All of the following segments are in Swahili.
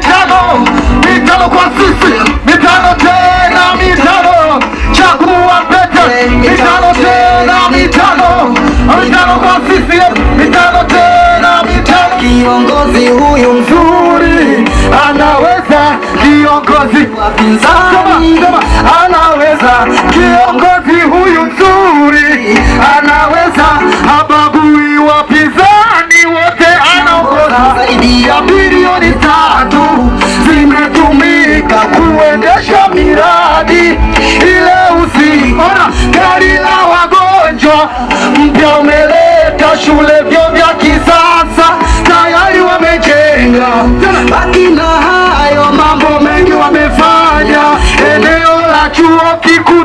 mitano mitano kwa sisi, mitano tena mitano, chagua pete, mitano tena mitano, mitano kwa sisi, mitano tena mitano. Kiongozi huyu mzuri anaweza kiongozi wapinzani ya kuendesha miradi ile usiona. Gari la wagonjwa mpya umeleta, shule vyo vya kisasa tayari wamejenga, akina hayo mambo mengi wamefanya, eneo la chuo kikuu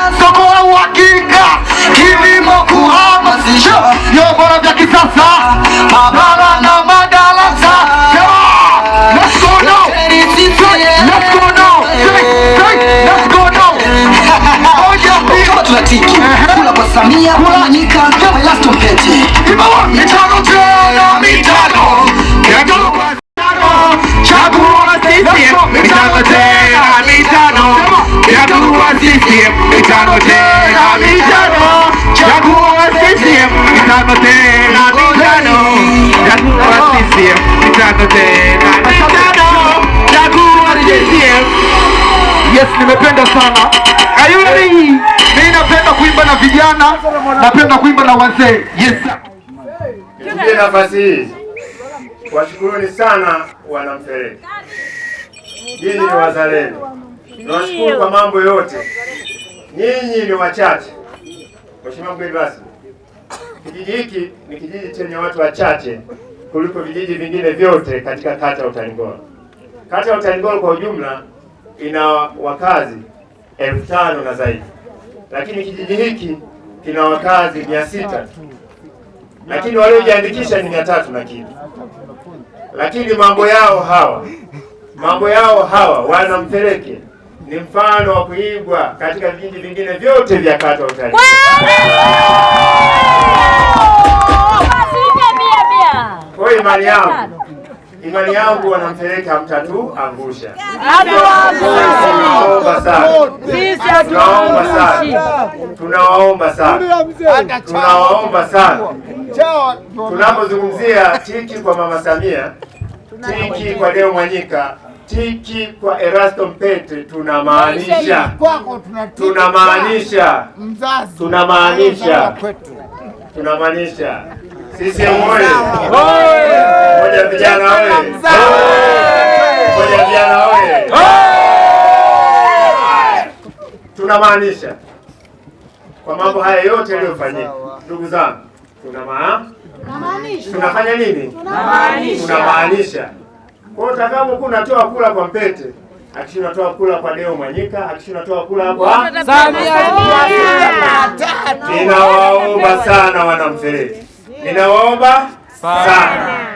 Samia Bulanika Welasto Mpete. Mitano tena mitano, Yes, nimependa sana. Ayuri napenda kuimba na vijana, napenda kuimba na wazee. Yes. Nitumie nafasi hii washukuruni sana wanamfereji, nyinyi ni wazalendo, nawashukuru kwa mambo yote. Nyinyi ni wachache. Mheshimiwa mgeni rasmi, kijiji hiki ni kijiji chenye watu wachache kuliko vijiji vingine vyote katika kata ya Utalingolo. Kata ya Utalingolo kwa ujumla ina wakazi elfu tano na zaidi lakini kijiji hiki kina wakazi mia sita lakini waliojiandikisha ni mia tatu na kitu, lakini mambo yao hawa mambo yao hawa wana mpereke ni mfano wa kuigwa katika vijiji vingine vyote vya kata utalii. Kwa hiyo imani yangu Imani yangu wanampeleka Angusha. Tunawaomba sana, tunawaomba sana, tunawaomba sana, tunawaomba sana. Tunapozungumzia tiki kwa mama Samia, tiki kwa Deo Mwanyika, tiki kwa Erasto Mpete, tunamaanisha tunamaanisha tunamaanisha tunamaanisha sisi mmoja Vijana vijana Tunamaanisha kwa mambo haya yote yaliyofanyika, ndugu zangu, tunafanya nini? Tunamaanisha. Kwa hiyo utakapokuwa unatoa kula kwa Mpete, hakikisha unatoa kula kwa Deo Mwanyika, hakikisha unatoa kula kwa Samia. Ninawaomba sana wanamfereji, ninawaomba sana